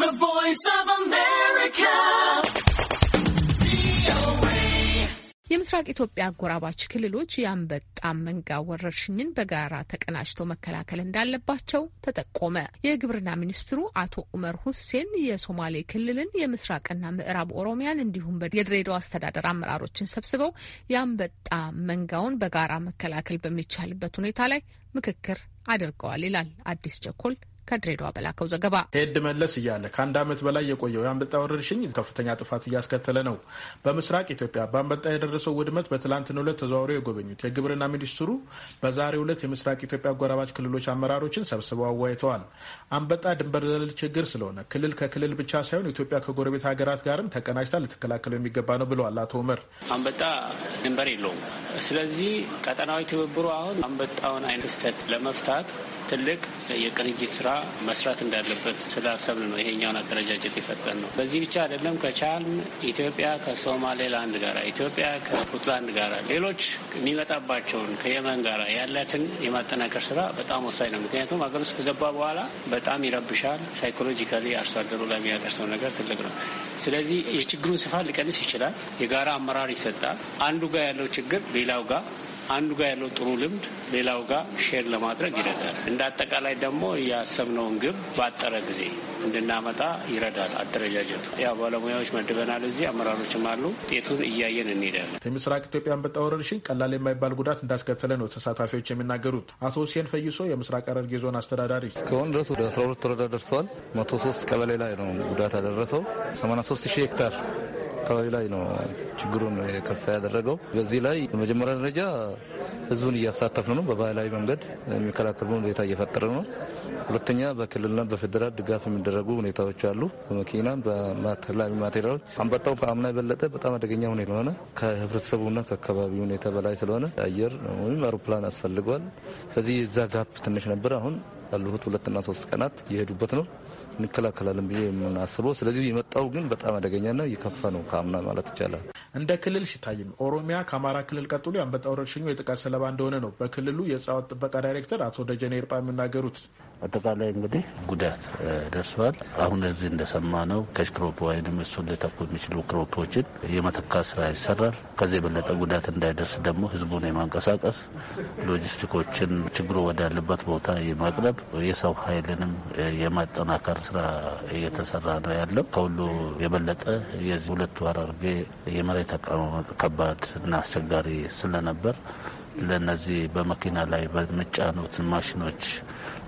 The Voice of America. የምስራቅ ኢትዮጵያ አጎራባች ክልሎች የአንበጣ መንጋ ወረርሽኝን በጋራ ተቀናጅተው መከላከል እንዳለባቸው ተጠቆመ። የግብርና ሚኒስትሩ አቶ ኡመር ሁሴን የሶማሌ ክልልን የምስራቅና ምዕራብ ኦሮሚያን እንዲሁም የድሬዳዋ አስተዳደር አመራሮችን ሰብስበው የአንበጣ መንጋውን በጋራ መከላከል በሚቻልበት ሁኔታ ላይ ምክክር አድርገዋል ይላል አዲስ ቸኮል ከድሬዳዋ በላከው ዘገባ ሄድ መለስ እያለ ከአንድ ዓመት በላይ የቆየው የአንበጣ ወረርሽኝ ከፍተኛ ጥፋት እያስከተለ ነው። በምስራቅ ኢትዮጵያ በአንበጣ የደረሰው ውድመት በትላንትናው ዕለት ተዘዋውረው የጎበኙት የግብርና ሚኒስትሩ በዛሬው ዕለት የምስራቅ ኢትዮጵያ አጎራባች ክልሎች አመራሮችን ሰብስበው አወያይተዋል። አንበጣ ድንበር ዘለል ችግር ስለሆነ ክልል ከክልል ብቻ ሳይሆን ኢትዮጵያ ከጎረቤት ሀገራት ጋርም ተቀናጅታ ልትከላከለው የሚገባ ነው ብለዋል አቶ ኡመር። አንበጣ ድንበር የለውም። ስለዚህ ቀጠናዊ ትብብሩ አሁን አንበጣውን አይነት ክስተት ለመፍታት ትልቅ የቅንጅት ስራ መስራት እንዳለበት ስላሰብን ነው ይሄኛውን አደረጃጀት የፈጠን ነው። በዚህ ብቻ አይደለም። ከቻልን ኢትዮጵያ ከሶማሌላንድ ጋራ፣ ኢትዮጵያ ከፑትላንድ ጋራ፣ ሌሎች የሚመጣባቸውን ከየመን ጋራ ያላትን የማጠናከር ስራ በጣም ወሳኝ ነው። ምክንያቱም አገር ውስጥ ከገባ በኋላ በጣም ይረብሻል። ሳይኮሎጂካሊ አርሶ አደሩ ላይ የሚያደርሰው ነገር ትልቅ ነው። ስለዚህ የችግሩን ስፋት ሊቀንስ ይችላል። የጋራ አመራር ይሰጣል። አንዱ ጋር ያለው ችግር ሌላው ጋር አንዱ ጋር ያለው ጥሩ ልምድ ሌላው ጋር ሼር ለማድረግ ይረዳል። እንደ አጠቃላይ ደግሞ ያሰብነውን ግብ ባጠረ ጊዜ እንድናመጣ ይረዳል። አደረጃጀቱ ያው ባለሙያዎች መድበናል፣ እዚህ አመራሮችም አሉ። ውጤቱን እያየን እንሄዳለን። የምስራቅ ኢትዮጵያ አንበጣ ወረርሽኝ ቀላል የማይባል ጉዳት እንዳስከተለ ነው ተሳታፊዎች የሚናገሩት። አቶ ሁሴን ፈይሶ የምስራቅ ሐረርጌ ዞን አስተዳዳሪ፣ እስካሁን ድረስ ወደ 12 ወረዳ ደርሰዋል። 103 ቀበሌ ላይ ነው ጉዳት ያደረሰው 83 ሺህ ሄክታር አካባቢ ላይ ነው ችግሩን የከፋ ያደረገው። በዚህ ላይ በመጀመሪያ ደረጃ ህዝቡን እያሳተፍን ነው፣ በባህላዊ መንገድ የሚከላከል ሁኔታ እየፈጠረ ነው። ሁለተኛ በክልልና በፌዴራል ድጋፍ የሚደረጉ ሁኔታዎች አሉ። በመኪና በተለያዩ ማቴሪያሎች አንበጣው ከአምና የበለጠ በጣም አደገኛ ሁኔታ ስለሆነ ከህብረተሰቡና ከአካባቢ ሁኔታ በላይ ስለሆነ አየር ወይም አውሮፕላን አስፈልገዋል። ስለዚህ የዛ ጋፕ ትንሽ ነበር። አሁን ያለፉት ሁለትና ሶስት ቀናት የሄዱበት ነው። እንከላከላለን ብዬ የምናስበው። ስለዚህ የመጣው ግን በጣም አደገኛና እየከፋ ነው ከአምና ማለት ይቻላል። እንደ ክልል ሲታይም ኦሮሚያ ከአማራ ክልል ቀጥሎ የአንበጣ ወረርሽኙ የጥቃት ሰለባ እንደሆነ ነው በክልሉ የእጽዋት ጥበቃ ዳይሬክተር አቶ ደጀኔ ይርጳ የሚናገሩት። አጠቃላይ እንግዲህ ጉዳት ደርሰዋል። አሁን እዚህ እንደሰማ ነው ከሽክሮፕ ወይም እሱን ሊተኩ የሚችሉ ክሮፖችን የመተካት ስራ ይሰራል። ከዚህ የበለጠ ጉዳት እንዳይደርስ ደግሞ ህዝቡን የማንቀሳቀስ ሎጂስቲኮችን ችግሩ ወዳለበት ቦታ የማቅረብ የሰው ኃይልንም የማጠናከር ስራ እየተሰራ ነው ያለው። ከሁሉ የበለጠ የዚህ ሁለቱ ሐረርጌ የመሬት አቀማመጥ ከባድ እና አስቸጋሪ ስለነበር ለነዚህ በመኪና ላይ በሚጫኑት ማሽኖች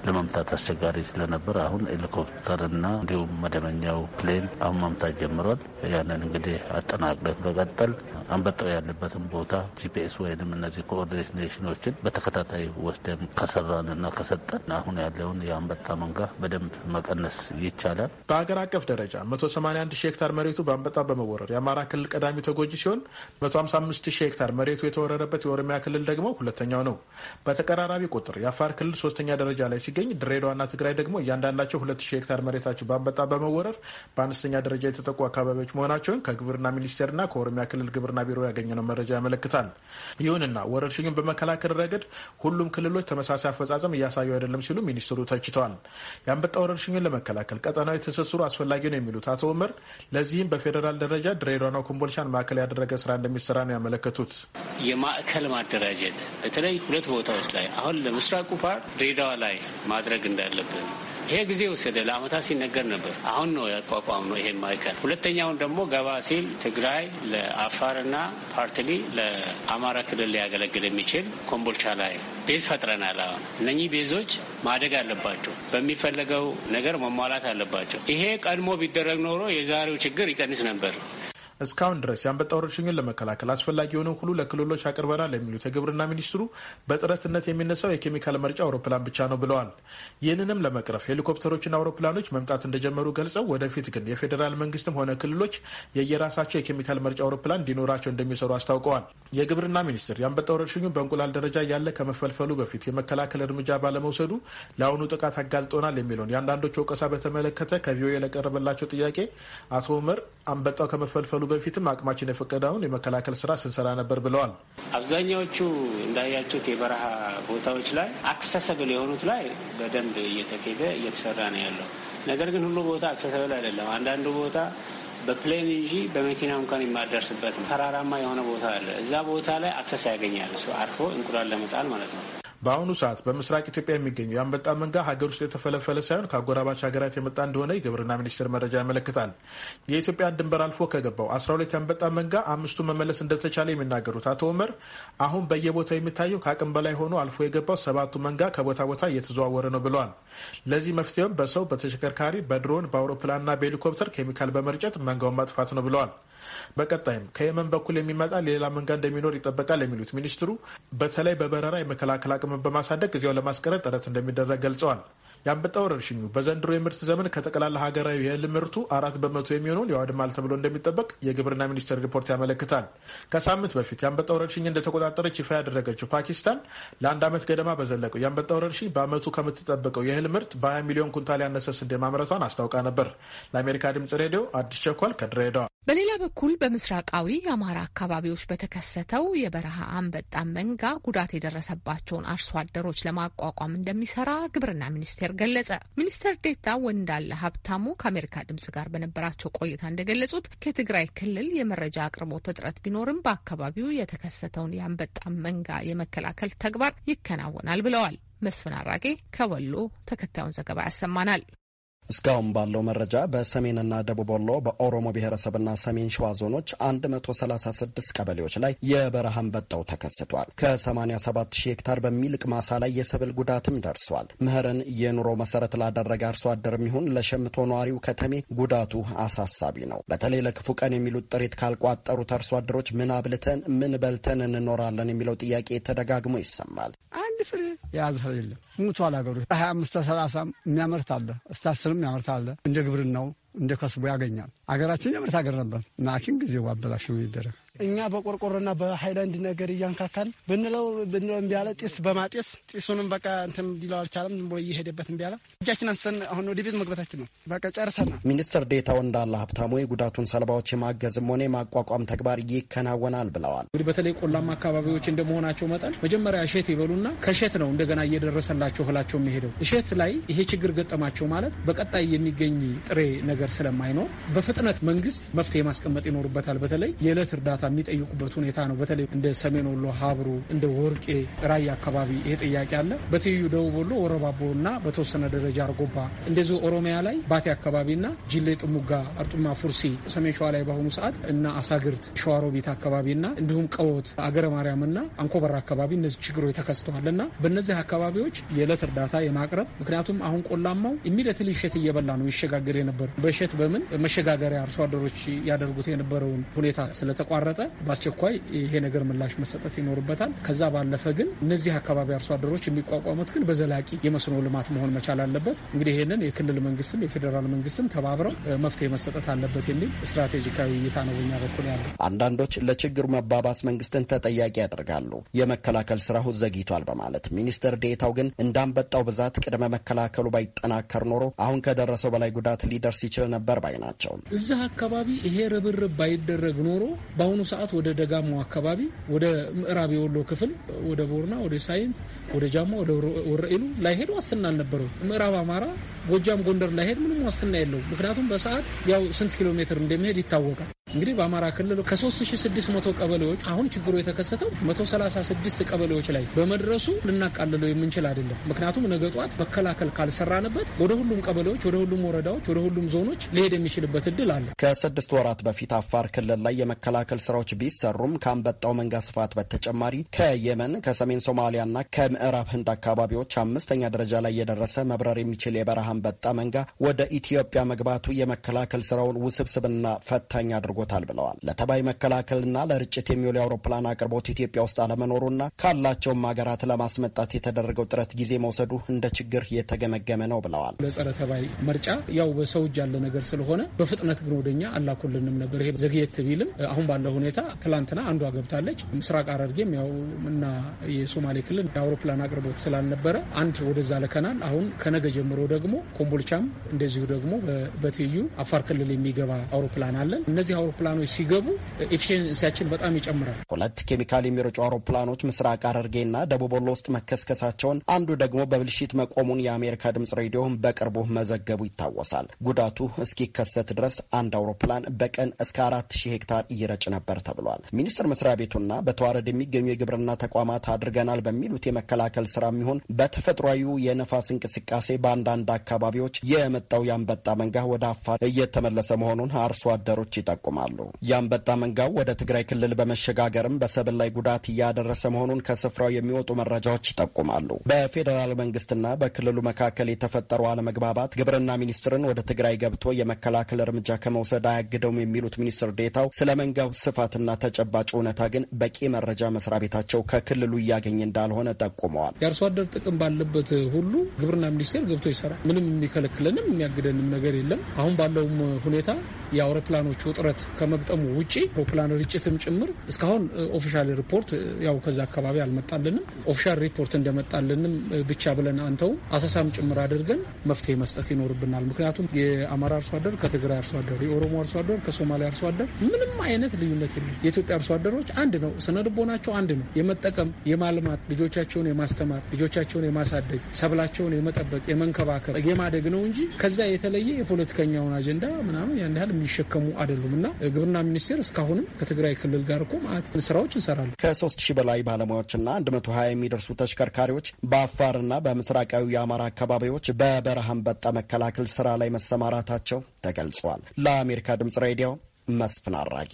ለመምታት አስቸጋሪ ስለነበር አሁን ሄሊኮፕተርና እንዲሁም መደበኛው ፕሌን አሁን መምታት ጀምሯል። ያንን እንግዲህ አጠናቅለት በቀጠል አንበጣው ያለበትን ቦታ ጂፒኤስ ወይንም እነዚህ ኮኦርዲኔሽኖችን በተከታታይ ወስደን ከሰራንና ከሰጠን አሁን ያለውን የአንበጣ መንጋ በደንብ መቀነስ ይቻላል። በሀገር አቀፍ ደረጃ 181 ሺህ ሄክታር መሬቱ በአንበጣ በመወረር የአማራ ክልል ቀዳሚ ተጎጂ ሲሆን 155 ሺህ ሄክታር መሬቱ የተወረረበት የኦሮሚያ ክልል ደግሞ ሁለተኛው ነው። በተቀራራቢ ቁጥር የአፋር ክልል ሶስተኛ ደረጃ ደረጃ ላይ ሲገኝ ድሬዳዋና ትግራይ ደግሞ እያንዳንዳቸው ሁለት ሺህ ሄክታር መሬታቸው በአንበጣ በመወረር በአነስተኛ ደረጃ የተጠቁ አካባቢዎች መሆናቸውን ከግብርና ሚኒስቴርና ከኦሮሚያ ክልል ግብርና ቢሮ ያገኘነው መረጃ ያመለክታል። ይሁንና ወረርሽኙን በመከላከል ረገድ ሁሉም ክልሎች ተመሳሳይ አፈጻጸም እያሳዩ አይደለም ሲሉ ሚኒስትሩ ተችተዋል። የአንበጣ ወረርሽኙን ለመከላከል ቀጠናዊ ትስስሩ አስፈላጊ ነው የሚሉት አቶ ኡመር ለዚህም በፌዴራል ደረጃ ድሬዳዋና ኮምቦልቻን ማዕከል ያደረገ ስራ እንደሚሰራ ነው ያመለከቱት። የማዕከል ማደራጀት በተለይ ሁለት ቦታዎች ላይ አሁን ለምስራቁ ፓር ድሬዳዋ ላይ ላይ ማድረግ እንዳለብን ይሄ ጊዜ ወሰደ። ለአመታት ሲነገር ነበር። አሁን ነው ያቋቋም ነው ይሄን ማዕከል። ሁለተኛውን ደግሞ ገባ ሲል ትግራይ ለአፋርና ፓርትሊ ለአማራ ክልል ሊያገለግል የሚችል ኮምቦልቻ ላይ ቤዝ ፈጥረናል። አሁን እነኚህ ቤዞች ማደግ አለባቸው፣ በሚፈለገው ነገር መሟላት አለባቸው። ይሄ ቀድሞ ቢደረግ ኖሮ የዛሬው ችግር ይቀንስ ነበር። እስካሁን ድረስ የአንበጣ ወረርሽኝን ለመከላከል አስፈላጊ የሆነ ሁሉ ለክልሎች አቅርበናል የሚሉት የግብርና ሚኒስትሩ በጥረትነት የሚነሳው የኬሚካል መርጫ አውሮፕላን ብቻ ነው ብለዋል። ይህንንም ለመቅረፍ ሄሊኮፕተሮችና አውሮፕላኖች መምጣት እንደጀመሩ ገልጸው ወደፊት ግን የፌዴራል መንግስትም ሆነ ክልሎች የየራሳቸው የኬሚካል መርጫ አውሮፕላን እንዲኖራቸው እንደሚሰሩ አስታውቀዋል። የግብርና ሚኒስትር የአንበጣ ወረርሽኙ በእንቁላል ደረጃ ያለ ከመፈልፈሉ በፊት የመከላከል እርምጃ ባለመውሰዱ ለአሁኑ ጥቃት አጋልጦናል የሚለውን የአንዳንዶች ወቀሳ በተመለከተ ከቪኦኤ ለቀረበላቸው ጥያቄ አቶ ኡመር አንበጣው ከመፈልፈሉ በፊትም አቅማችን የፈቀደውን የመከላከል ስራ ስንሰራ ነበር ብለዋል። አብዛኛዎቹ እንዳያችሁት የበረሃ ቦታዎች ላይ አክሰሰብል የሆኑት ላይ በደንብ እየተኬደ እየተሰራ ነው ያለው። ነገር ግን ሁሉ ቦታ አክሰሰብል አይደለም። አንዳንዱ ቦታ በፕሌን እንጂ በመኪና እንኳን የማደርስበት ተራራማ የሆነ ቦታ አለ። እዛ ቦታ ላይ አክሰስ ያገኛል እሱ አርፎ እንቁላል ለመጣል ማለት ነው። በአሁኑ ሰዓት በምስራቅ ኢትዮጵያ የሚገኘው የአንበጣ መንጋ ሀገር ውስጥ የተፈለፈለ ሳይሆን ከአጎራባች ሀገራት የመጣ እንደሆነ የግብርና ሚኒስቴር መረጃ ያመለክታል። የኢትዮጵያን ድንበር አልፎ ከገባው 12 የአንበጣ መንጋ አምስቱ መመለስ እንደተቻለ የሚናገሩት አቶ ኡመር አሁን በየቦታው የሚታየው ከአቅም በላይ ሆኖ አልፎ የገባው ሰባቱ መንጋ ከቦታ ቦታ እየተዘዋወረ ነው ብለዋል። ለዚህ መፍትሄውም በሰው፣ በተሽከርካሪ፣ በድሮን፣ በአውሮፕላንና በሄሊኮፕተር ኬሚካል በመርጨት መንጋውን ማጥፋት ነው ብለዋል። በቀጣይም ከየመን በኩል የሚመጣ ሌላ መንጋ እንደሚኖር ይጠበቃል የሚሉት ሚኒስትሩ በተለይ በበረራ የመከላከል አቅምን በማሳደግ እዚያው ለማስቀረት ጥረት እንደሚደረግ ገልጸዋል። የአንበጣ ወረርሽኙ በዘንድሮ የምርት ዘመን ከጠቅላላ ሀገራዊ የእህል ምርቱ አራት በመቶ የሚሆነውን ያወድማል ተብሎ እንደሚጠበቅ የግብርና ሚኒስቴር ሪፖርት ያመለክታል። ከሳምንት በፊት የአንበጣ ወረርሽኝ እንደተቆጣጠረች ይፋ ያደረገችው ፓኪስታን ለአንድ ዓመት ገደማ በዘለቀው የአንበጣ ወረርሽኝ በዓመቱ ከምትጠበቀው የእህል ምርት በ20 ሚሊዮን ኩንታል ያነሰ ስንዴ ማምረቷን አስታውቃ ነበር። ለአሜሪካ ድምጽ ሬዲዮ አዲስ ቸኳል ከድሬዳዋ በሌላ በኩል በምስራቃዊ የአማራ አካባቢዎች በተከሰተው የበረሃ አንበጣ መንጋ ጉዳት የደረሰባቸውን አርሶ አደሮች ለማቋቋም እንደሚሰራ ግብርና ሚኒስቴር ገለጸ። ሚኒስትር ዴታ ወንዳለ ሀብታሙ ከአሜሪካ ድምጽ ጋር በነበራቸው ቆይታ እንደገለጹት ከትግራይ ክልል የመረጃ አቅርቦት እጥረት ቢኖርም በአካባቢው የተከሰተውን የአንበጣ መንጋ የመከላከል ተግባር ይከናወናል ብለዋል። መስፍን አራጌ ከወሎ ተከታዩን ዘገባ ያሰማናል። እስካሁን ባለው መረጃ በሰሜንና ደቡብ ወሎ በኦሮሞ ብሔረሰብና ሰሜን ሸዋ ዞኖች 136 ቀበሌዎች ላይ የበረሃ አንበጣው ተከስቷል። ከ87 ሺህ ሄክታር በሚልቅ ማሳ ላይ የሰብል ጉዳትም ደርሷል። ምህርን የኑሮ መሰረት ላደረገ አርሶ አደርም ይሁን ለሸምቶ ነዋሪው ከተሜ ጉዳቱ አሳሳቢ ነው። በተለይ ለክፉ ቀን የሚሉት ጥሪት ካልቋጠሩት አርሶ አደሮች ምን አብልተን ምን በልተን እንኖራለን የሚለው ጥያቄ ተደጋግሞ ይሰማል። አንድ ፍሬ የያዘ ሰው የለም። ሙቷል ሀገሩ። ሀያ አምስት ሰላሳም የሚያመርት አለ፣ እስከ አስርም የሚያመርት አለ። እንደ ግብርናው እንደ ከስቦ ያገኛል። አገራችን የምርት አገር ነበር። ናኪን ጊዜ ዋበላሽ ነው ይደረግ እኛ በቆርቆሮና በሀይላንድ ነገር እያንካካል ብንለው ብንለው እምቢ አለ። ጢስ በማጤስ ጢሱንም በቃ እንትን ሊለው አልቻለም። ዝም ብሎ እየሄደበት እምቢ አለ። እጃችን አንስተን አሁን ወደ ቤት መግባታችን ነው። በቃ ጨርሰናል። ሚኒስትር ዴታው እንዳለ ሀብታሙ የጉዳቱን ሰለባዎች የማገዝም ሆነ የማቋቋም ተግባር ይከናወናል ብለዋል። እንግዲህ በተለይ ቆላማ አካባቢዎች እንደመሆናቸው መጠን መጀመሪያ እሸት ይበሉና ከእሸት ነው እንደገና እየደረሰላቸው እህላቸው የሚሄደው እሸት ላይ ይሄ ችግር ገጠማቸው ማለት በቀጣይ የሚገኝ ጥሬ ነገር ስለማይኖር በፍጥነት መንግስት መፍትሄ ማስቀመጥ ይኖርበታል። በተለይ የዕለት እርዳታ የሚጠይቁበት ሁኔታ ነው። በተለይ እንደ ሰሜን ወሎ ሀብሩ፣ እንደ ወርቄ፣ ራያ አካባቢ ይሄ ጥያቄ አለ። በትይዩ ደቡብ ወሎ ወረባቦና በተወሰነ ደረጃ አርጎባ፣ እንደዚሁ ኦሮሚያ ላይ ባቴ አካባቢና ጅሌ ጥሙጋ፣ አርጡማ፣ ፉርሲ፣ ሰሜን ሸዋ ላይ በአሁኑ ሰዓት እና አሳግርት፣ ሸዋሮቢት አካባቢና እንዲሁም ቀወት፣ አገረ ማርያምና አንኮበራ አካባቢ እነዚህ ችግሮች ተከስተዋልና በእነዚህ አካባቢዎች የዕለት እርዳታ የማቅረብ ምክንያቱም አሁን ቆላማው ኢሚዲየትሊ እሸት እየበላ ነው ይሸጋገር የነበረው በእሸት በምን መሸጋገሪያ አርሶ አደሮች ያደርጉት የነበረውን ሁኔታ ስለተቋረጠ ከተቀመጠ በአስቸኳይ ይሄ ነገር ምላሽ መሰጠት ይኖርበታል። ከዛ ባለፈ ግን እነዚህ አካባቢ አርሶ አደሮች የሚቋቋሙት ግን በዘላቂ የመስኖ ልማት መሆን መቻል አለበት። እንግዲህ ይህንን የክልል መንግስትም የፌዴራል መንግስትም ተባብረው መፍትሄ መሰጠት አለበት የሚል ስትራቴጂካዊ እይታ ነው በኛ በኩል ያለ። አንዳንዶች ለችግሩ መባባስ መንግስትን ተጠያቂ ያደርጋሉ። የመከላከል ስራው ዘግይቷል በማለት ሚኒስትር ዴታው ግን እንዳንበጣው ብዛት ቅድመ መከላከሉ ባይጠናከር ኖሮ አሁን ከደረሰው በላይ ጉዳት ሊደርስ ይችል ነበር ባይ ናቸው። እዚህ አካባቢ ይሄ ርብርብ ባይደረግ ኖሮ በአሁኑ ሰዓት ወደ ደጋማው አካባቢ ወደ ምዕራብ የወሎ ክፍል ወደ ቦርና፣ ወደ ሳይንት፣ ወደ ጃማ፣ ወደ ወረኢሉ ላይሄድ ዋስትና አልነበረው። ምዕራብ አማራ፣ ጎጃም፣ ጎንደር ላይሄድ ምንም ዋስትና የለው። ምክንያቱም በሰዓት ያው ስንት ኪሎ ሜትር እንደሚሄድ ይታወቃል። እንግዲህ በአማራ ክልል ከ3600 ቀበሌዎች አሁን ችግሩ የተከሰተው 136 ቀበሌዎች ላይ በመድረሱ ልናቃልለው የምንችል አይደለም። ምክንያቱም ነገ ጠዋት መከላከል ካልሰራንበት ወደ ሁሉም ቀበሌዎች፣ ወደ ሁሉም ወረዳዎች፣ ወደ ሁሉም ዞኖች ሊሄድ የሚችልበት እድል አለ። ከስድስት ወራት በፊት አፋር ክልል ላይ የመከላከል ስራዎች ቢሰሩም ከአንበጣው መንጋ ስፋት በተጨማሪ ከየመን ከሰሜን ሶማሊያ እና ከምዕራብ ህንድ አካባቢዎች አምስተኛ ደረጃ ላይ የደረሰ መብረር የሚችል የበረሃ አንበጣ መንጋ ወደ ኢትዮጵያ መግባቱ የመከላከል ስራውን ውስብስብና ፈታኝ አድርጎ አድርጎታል ብለዋል። ለተባይ መከላከልና ለርጭት የሚውል የአውሮፕላን አቅርቦት ኢትዮጵያ ውስጥ አለመኖሩና ካላቸውም ሀገራት ለማስመጣት የተደረገው ጥረት ጊዜ መውሰዱ እንደ ችግር የተገመገመ ነው ብለዋል። ለጸረ ተባይ መርጫ ያው በሰው እጅ ያለ ነገር ስለሆነ በፍጥነት ግን ወደኛ አላኩልንም ነበር። ይሄ ዘግየት ቢልም አሁን ባለው ሁኔታ ትላንትና አንዷ ገብታለች። ምስራቅ ሐረርጌም ያው እና የሶማሌ ክልል የአውሮፕላን አቅርቦት ስላልነበረ አንድ ወደዛ ልከናል። አሁን ከነገ ጀምሮ ደግሞ ኮምቦልቻም እንደዚሁ ደግሞ በትይዩ አፋር ክልል የሚገባ አውሮፕላን አለን። እነዚህ አውሮፕላኖች ሲገቡ ኤፊሽንሲያችን በጣም ይጨምራል። ሁለት ኬሚካል የሚረጩ አውሮፕላኖች ምስራቅ ሐረርጌና ደቡብ ወሎ ውስጥ መከስከሳቸውን፣ አንዱ ደግሞ በብልሽት መቆሙን የአሜሪካ ድምጽ ሬዲዮ በቅርቡ መዘገቡ ይታወሳል። ጉዳቱ እስኪከሰት ድረስ አንድ አውሮፕላን በቀን እስከ አራት ሺህ ሄክታር እየረጭ ነበር ተብሏል። ሚኒስቴር መስሪያ ቤቱና በተዋረድ የሚገኙ የግብርና ተቋማት አድርገናል በሚሉት የመከላከል ስራ የሚሆን በተፈጥሯዊ የነፋስ እንቅስቃሴ በአንዳንድ አካባቢዎች የመጣው የአንበጣ መንጋ ወደ አፋር እየተመለሰ መሆኑን አርሶ አደሮች ይጠቁማል። ይጠቁማሉ። የአንበጣ መንጋው ወደ ትግራይ ክልል በመሸጋገርም በሰብል ላይ ጉዳት እያደረሰ መሆኑን ከስፍራው የሚወጡ መረጃዎች ይጠቁማሉ። በፌዴራል መንግስትና በክልሉ መካከል የተፈጠሩ አለመግባባት ግብርና ሚኒስትርን ወደ ትግራይ ገብቶ የመከላከል እርምጃ ከመውሰድ አያግደውም የሚሉት ሚኒስትር ዴታው ስለ መንጋው ስፋትና ተጨባጭ እውነታ ግን በቂ መረጃ መስሪያ ቤታቸው ከክልሉ እያገኘ እንዳልሆነ ጠቁመዋል። የአርሶ አደር ጥቅም ባለበት ሁሉ ግብርና ሚኒስቴር ገብቶ ይሰራል። ምንም የሚከለክለንም የሚያግደንም ነገር የለም። አሁን ባለውም ሁኔታ የአውሮፕላኖቹ ውጥረት ከመግጠሙ ውጪ አውሮፕላን ርጭትም ጭምር እስካሁን ኦፊሻል ሪፖርት ያው ከዛ አካባቢ አልመጣልንም። ኦፊሻል ሪፖርት እንደመጣልንም ብቻ ብለን አንተው አሰሳም ጭምር አድርገን መፍትሄ መስጠት ይኖርብናል። ምክንያቱም የአማራ አርሶ አደር ከትግራይ አርሶ አደር፣ የኦሮሞ አርሶ አደር ከሶማሌ አርሶ አደር ምንም አይነት ልዩነት የለም። የኢትዮጵያ አርሶ አደሮች አንድ ነው፣ ስነ ልቦናቸው አንድ ነው። የመጠቀም የማልማት ልጆቻቸውን የማስተማር ልጆቻቸውን የማሳደግ ሰብላቸውን የመጠበቅ የመንከባከብ የማደግ ነው እንጂ ከዛ የተለየ የፖለቲከኛውን አጀንዳ ምናምን ያን ያህል የሚሸከሙ አይደሉም እና ግብርና ሚኒስቴር እስካሁንም ከትግራይ ክልል ጋር እኮ ማለት ስራዎች እንሰራለን። ከሶስት ሺህ በላይ ባለሙያዎችና አንድ መቶ ሀያ የሚደርሱ ተሽከርካሪዎች በአፋርና በምስራቃዊ የአማራ አካባቢዎች በበረሃ አንበጣ መከላከል ስራ ላይ መሰማራታቸው ተገልጿል። ለአሜሪካ ድምጽ ሬዲዮ መስፍን አራጌ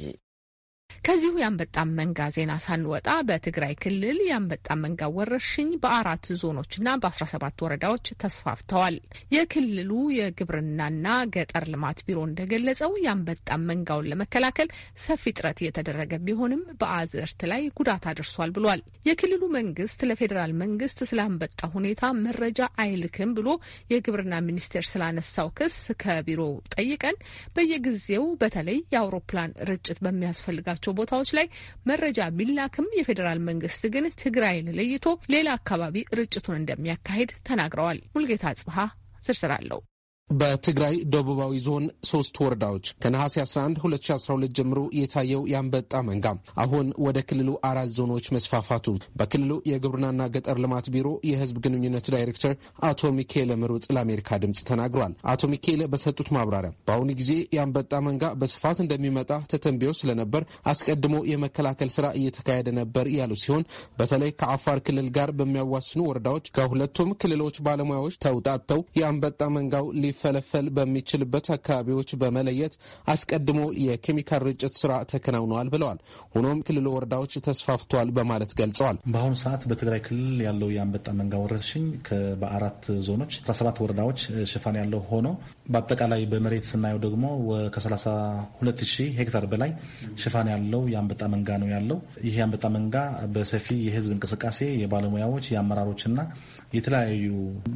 ከዚሁ የአንበጣ መንጋ ዜና ሳንወጣ በትግራይ ክልል የአንበጣ መንጋ ወረርሽኝ በአራት ዞኖችና በአስራ ሰባት ወረዳዎች ተስፋፍተዋል። የክልሉ የግብርናና ገጠር ልማት ቢሮ እንደገለጸው የአንበጣ መንጋውን ለመከላከል ሰፊ ጥረት እየተደረገ ቢሆንም በአዝርት ላይ ጉዳት አድርሷል ብሏል። የክልሉ መንግስት ለፌዴራል መንግስት ስለ አንበጣ ሁኔታ መረጃ አይልክም ብሎ የግብርና ሚኒስቴር ስላነሳው ክስ ከቢሮው ጠይቀን በየጊዜው በተለይ የአውሮፕላን ርጭት በሚያስፈልጋቸው ባላቸው ቦታዎች ላይ መረጃ ቢላክም የፌዴራል መንግስት ግን ትግራይን ለይቶ ሌላ አካባቢ ርጭቱን እንደሚያካሂድ ተናግረዋል። ሙልጌታ ጽብሀ ዝርዝር አለው። በትግራይ ደቡባዊ ዞን ሶስት ወረዳዎች ከነሐሴ 11 2012 ጀምሮ የታየው የአንበጣ መንጋ አሁን ወደ ክልሉ አራት ዞኖች መስፋፋቱ በክልሉ የግብርናና ገጠር ልማት ቢሮ የህዝብ ግንኙነት ዳይሬክተር አቶ ሚካኤል ምሩጽ ለአሜሪካ ድምፅ ተናግሯል። አቶ ሚካኤል በሰጡት ማብራሪያ በአሁኑ ጊዜ የአንበጣ መንጋ በስፋት እንደሚመጣ ተተንብዮ ስለነበር አስቀድሞ የመከላከል ስራ እየተካሄደ ነበር ያሉ ሲሆን በተለይ ከአፋር ክልል ጋር በሚያዋስኑ ወረዳዎች ከሁለቱም ክልሎች ባለሙያዎች ተውጣተው የአንበጣ መንጋው ሊፍ ሊፈለፈል በሚችልበት አካባቢዎች በመለየት አስቀድሞ የኬሚካል ርጭት ስራ ተከናውነዋል ብለዋል። ሆኖም ክልሉ ወረዳዎች ተስፋፍቷል በማለት ገልጸዋል። በአሁኑ ሰዓት በትግራይ ክልል ያለው የአንበጣ መንጋ ወረርሽኝ በአራት ዞኖች 17 ወረዳዎች ሽፋን ያለው ሆኖ በአጠቃላይ በመሬት ስናየው ደግሞ ከ32 ሺህ ሄክታር በላይ ሽፋን ያለው የአንበጣ መንጋ ነው ያለው። ይህ የአንበጣ መንጋ በሰፊ የህዝብ እንቅስቃሴ የባለሙያዎች፣ የአመራሮችና የተለያዩ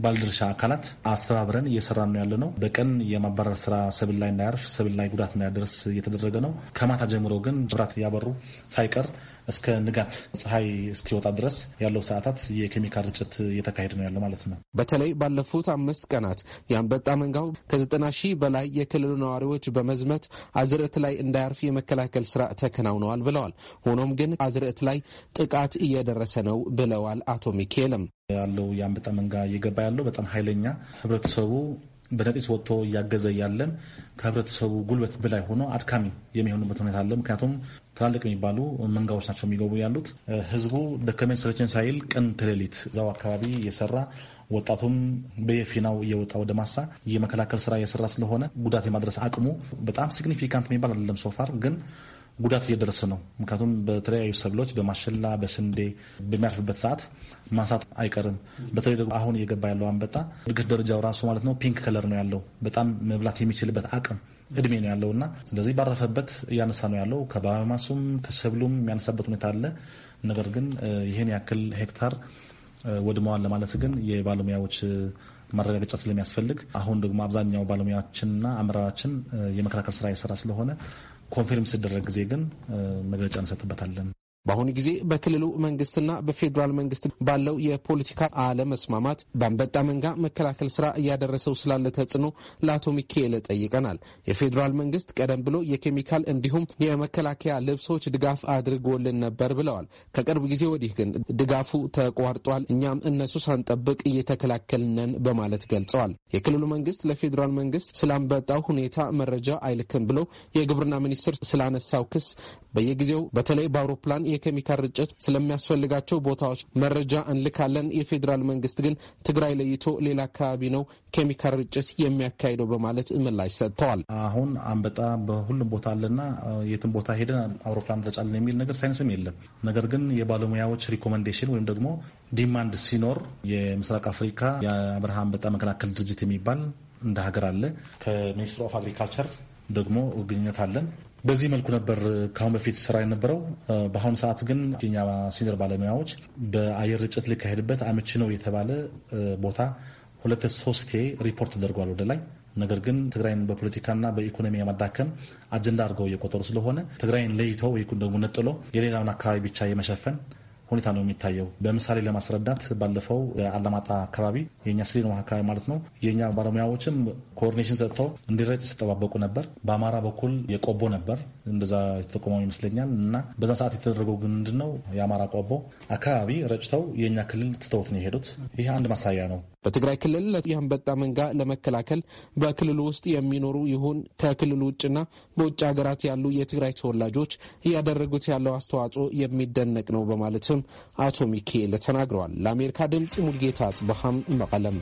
ባለድርሻ አካላት አስተባብረን እየሰራን ነው ያለው ነው። በቀን የማባረር ስራ ሰብል ላይ እንዳያርፍ፣ ሰብል ላይ ጉዳት እንዳያደርስ እየተደረገ ነው። ከማታ ጀምሮ ግን መብራት እያበሩ ሳይቀር እስከ ንጋት ፀሐይ እስኪወጣ ድረስ ያለው ሰዓታት የኬሚካል ርጭት እየተካሄደ ነው ያለው ማለት ነው። በተለይ ባለፉት አምስት ቀናት የአንበጣ መንጋው ከዘጠና ሺህ በላይ የክልሉ ነዋሪዎች በመዝመት አዝርዕት ላይ እንዳያርፍ የመከላከል ስራ ተከናውነዋል ብለዋል። ሆኖም ግን አዝርዕት ላይ ጥቃት እየደረሰ ነው ብለዋል አቶ ሚካኤልም ያለው የአንበጣ መንጋ እየገባ ያለው በጣም ኃይለኛ ህብረተሰቡ በነጢስ ወጥቶ እያገዘ ያለም ከህብረተሰቡ ጉልበት በላይ ሆኖ አድካሚ የሚሆኑበት ሁኔታ አለ። ምክንያቱም ትላልቅ የሚባሉ መንጋዎች ናቸው የሚገቡ ያሉት። ህዝቡ ደከመኝ ሰለቸኝ ሳይል ቀን ተሌሊት እዛው አካባቢ የሰራ ወጣቱም በየፊናው እየወጣ ወደ ማሳ የመከላከል ስራ እየሰራ ስለሆነ ጉዳት የማድረስ አቅሙ በጣም ሲግኒፊካንት የሚባል አይደለም ሶፋር ግን ጉዳት እየደረሰ ነው። ምክንያቱም በተለያዩ ሰብሎች በማሸላ በስንዴ በሚያርፍበት ሰዓት ማንሳት አይቀርም። በተለይ ደግሞ አሁን እየገባ ያለው አንበጣ እድገት ደረጃው ራሱ ማለት ነው ፒንክ ከለር ነው ያለው በጣም መብላት የሚችልበት አቅም እድሜ ነው ያለው እና ስለዚህ ባረፈበት እያነሳ ነው ያለው። ከባማሱም ከሰብሉም የሚያነሳበት ሁኔታ አለ። ነገር ግን ይህን ያክል ሄክታር ወድመዋል ለማለት ግን የባለሙያዎች ማረጋገጫ ስለሚያስፈልግ አሁን ደግሞ አብዛኛው ባለሙያችንና አመራራችን የመከላከል ስራ የሰራ ስለሆነ ኮንፊርም ስደረግ ጊዜ ግን መግለጫ እንሰጥበታለን። በአሁኑ ጊዜ በክልሉ መንግስትና በፌዴራል መንግስት ባለው የፖለቲካ አለመስማማት በአንበጣ መንጋ መከላከል ስራ እያደረሰው ስላለ ተጽዕኖ ለአቶ ሚካኤል ጠይቀናል። የፌዴራል መንግስት ቀደም ብሎ የኬሚካል እንዲሁም የመከላከያ ልብሶች ድጋፍ አድርጎልን ነበር ብለዋል። ከቅርብ ጊዜ ወዲህ ግን ድጋፉ ተቋርጧል፣ እኛም እነሱ ሳንጠብቅ እየተከላከልነን በማለት ገልጸዋል። የክልሉ መንግስት ለፌዴራል መንግስት ስላንበጣው ሁኔታ መረጃ አይልክም ብሎ የግብርና ሚኒስቴር ስላነሳው ክስ በየጊዜው በተለይ በአውሮፕላን የኬሚካል ርጭት ስለሚያስፈልጋቸው ቦታዎች መረጃ እንልካለን። የፌዴራል መንግስት ግን ትግራይ ለይቶ ሌላ አካባቢ ነው ኬሚካል ርጭት የሚያካሂደው በማለት ምላሽ ሰጥተዋል። አሁን አንበጣ በሁሉም ቦታ አለና የትም ቦታ ሄደን አውሮፕላን እንረጫለን የሚል ነገር ሳይንስም የለም። ነገር ግን የባለሙያዎች ሪኮመንዴሽን ወይም ደግሞ ዲማንድ ሲኖር የምስራቅ አፍሪካ የአብርሃ አንበጣ መከላከል ድርጅት የሚባል እንደ ሀገር አለ። ከሚኒስትር ኦፍ አግሪካልቸር ደግሞ ግንኙነት አለን። በዚህ መልኩ ነበር ከአሁን በፊት ስራ የነበረው። በአሁኑ ሰዓት ግን የኛ ሲኒየር ባለሙያዎች በአየር ርጭት ሊካሄድበት አመቺ ነው የተባለ ቦታ ሁለት ሶስቴ ሪፖርት ተደርጓል ወደ ላይ። ነገር ግን ትግራይን በፖለቲካና በኢኮኖሚ የማዳከም አጀንዳ አድርገው እየቆጠሩ ስለሆነ ትግራይን ለይተው ወይ ደግሞ ነጥሎ የሌላውን አካባቢ ብቻ የመሸፈን ሁኔታ ነው የሚታየው። በምሳሌ ለማስረዳት ባለፈው አላማጣ አካባቢ የኛ ስሌ አካባቢ ማለት ነው የኛ ባለሙያዎችም ኮኦርዲኔሽን ሰጥተው እንዲረጭ ሲጠባበቁ ነበር። በአማራ በኩል የቆቦ ነበር እንደዛ የተጠቆመው ይመስለኛል። እና በዛ ሰዓት የተደረገው ግን ምንድን ነው የአማራ ቆቦ አካባቢ ረጭተው የእኛ ክልል ትተውት ነው የሄዱት። ይህ አንድ ማሳያ ነው። በትግራይ ክልል የአንበጣ መንጋ ለመከላከል በክልሉ ውስጥ የሚኖሩ ይሁን ከክልሉ ውጭና በውጭ ሀገራት ያሉ የትግራይ ተወላጆች እያደረጉት ያለው አስተዋጽኦ የሚደነቅ ነው በማለትም አቶ ሚካኤል ተናግረዋል። ለአሜሪካ ድምፅ ሙልጌታ አጽበሃም መቀለም